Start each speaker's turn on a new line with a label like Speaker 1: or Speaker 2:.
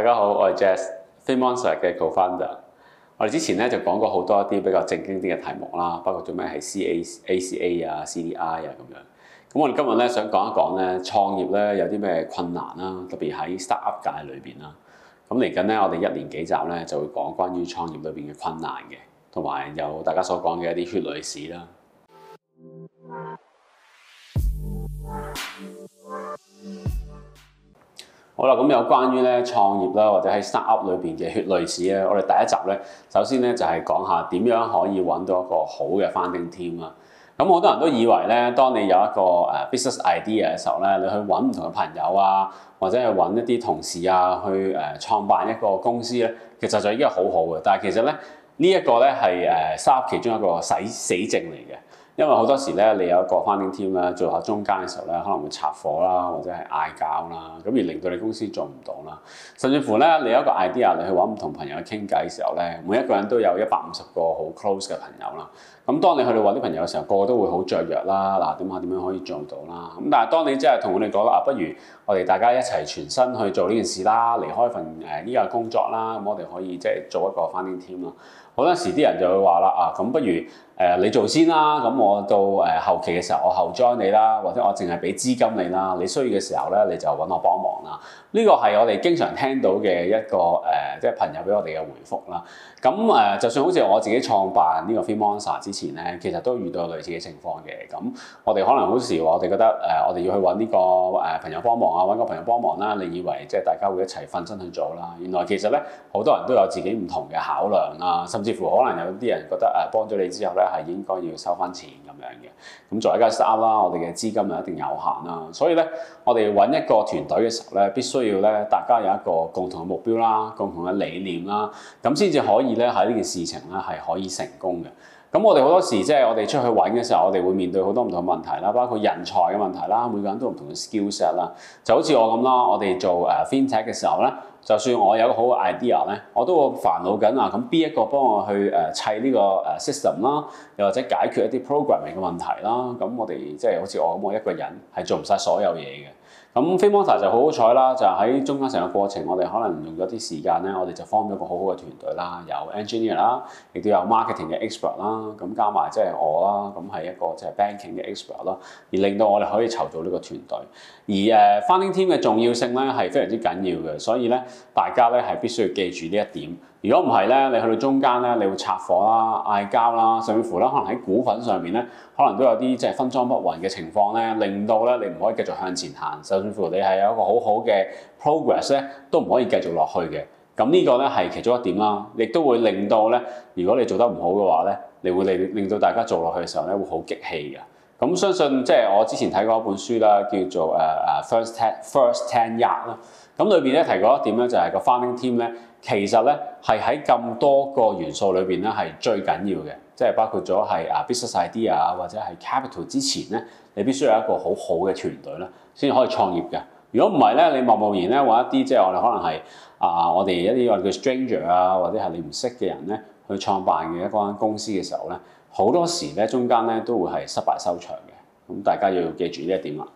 Speaker 1: 大家好，我係 Jazz，Theme Monster 嘅 co-founder。我哋之前咧就講過好多一啲比較正經啲嘅題目啦，包括做咩係 CACA, ACACA 啊、CDI 啊咁樣。咁我哋今日咧想講一講咧創業咧有啲咩困難啦，特別喺 startup 界裏邊啦。咁嚟緊咧，我哋一年幾集咧就會講關於創業裏邊嘅困難嘅，同埋有，有大家所講嘅一啲血淚史啦。 好啦，咁有關於咧創業啦，或者喺 start up 裏邊嘅血淚史咧，我哋第一集咧，首先咧就係講下點樣可以揾到一個好嘅 founding team 啊。咁好多人都以為咧，當你有一個誒 business idea 嘅時候咧，你去揾唔同嘅朋友啊，或者去揾一啲同事啊，去誒創辦一個公司咧，其實就已經係好好嘅。但係其實咧呢一個咧係誒 start up 其中一個洗死症嚟嘅。因為好多時咧，你有一個 funding team 咧，做下中間嘅時候咧，可能會拆火啦，或者係嗌交啦，咁而令到你公司做唔到啦。甚至乎咧，你有一個 idea，你去揾唔同朋友去傾偈嘅時候咧，每一個人都有一百五十個好 close 嘅朋友啦。咁當你去到揾啲朋友嘅時候，個個都會好雀躍啦。嗱，點下點樣可以做到啦？咁但係當你即係同佢哋講啦，啊，不如我哋大家一齊全身去做呢件事啦，離開份誒呢個工作啦，咁我哋可以即係、就是、做一個 funding team 啦。好多時啲人就會話啦，啊，咁不如。誒，你先做先啦，咁我到誒後期嘅時候，我後 join 你啦，或者我淨係俾資金你啦，你需要嘅時候咧，你就搵我幫忙啦。呢個係我哋經常聽到嘅一個誒、呃，即係朋友俾我哋嘅回覆啦。咁誒、呃，就算好似我自己創辦呢個 Free Monster 之前咧，其實都遇到有類似嘅情況嘅。咁我哋可能好時話我哋覺得誒、呃，我哋要去揾呢、這個誒、呃、朋友幫忙啊，揾個朋友幫忙啦。你以為即係大家會一齊瞓身去做啦？原來其實咧，好多人都有自己唔同嘅考量啦，甚至乎可能有啲人覺得誒，幫咗你之後咧，係應該要收翻錢咁樣嘅。咁作為一家 startup 啦，我哋嘅資金就一定有限啦，所以咧，我哋揾一個團隊嘅時候咧，必須。需要咧，大家有一個共同嘅目標啦，共同嘅理念啦，咁先至可以咧喺呢件事情咧係可以成功嘅。咁我哋好多時即係我哋出去揾嘅時候，我哋會面對好多唔同嘅問題啦，包括人才嘅問題啦，每個人都唔同嘅 skill set 啦。就好似我咁啦，我哋做誒 fintech 嘅時候咧。就算我有個好 idea 咧，我都會煩惱緊啊！咁邊一個幫我去誒砌呢個誒 system 啦，又或者解決一啲 programming 嘅問題啦。咁我哋即係好似我咁，我一個人係做唔晒所有嘢嘅。咁 f i m a 就好好彩啦，就喺、是、中間成個過程，我哋可能用咗啲時間咧，我哋就 form 咗個好好嘅團隊啦，有 engineer 啦，亦都有 marketing 嘅 expert 啦，咁加埋即係我啦，咁係一個即係 banking 嘅 expert 啦，而令到我哋可以籌到呢個團隊，而誒 funding team 嘅重要性咧係非常之緊要嘅，所以咧。大家咧係必須要記住呢一點。如果唔係咧，你去到中間咧，你會拆夥啦、嗌交啦，甚至乎咧可能喺股份上面咧，可能都有啲即係分贓不均嘅情況咧，令到咧你唔可以繼續向前行。甚至乎你係有一個好好嘅 progress 咧，都唔可以繼續落去嘅。咁呢個咧係其中一點啦，亦都會令到咧，如果你做得唔好嘅話咧，你會令令到大家做落去嘅時候咧會好激氣嘅。咁相信即係我之前睇過一本書啦，叫做誒誒 First First Ten Yard 啦。咁裏邊咧提過一點咧，就係個 founding team 咧，其實咧係喺咁多個元素裏邊咧係最緊要嘅，即係包括咗係啊 business idea 啊或者係 capital 之前咧，你必須有一個好好嘅團隊啦，先可以創業嘅。如果唔係咧，你貿貿然咧揾一啲即係我哋可能係啊、呃、我哋一啲話叫 stranger 啊或者係你唔識嘅人咧，去創辦嘅一間公司嘅時候呢，好多時呢，中間呢都會係失敗收場嘅，咁大家要記住呢一點喇。